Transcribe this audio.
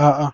Uh,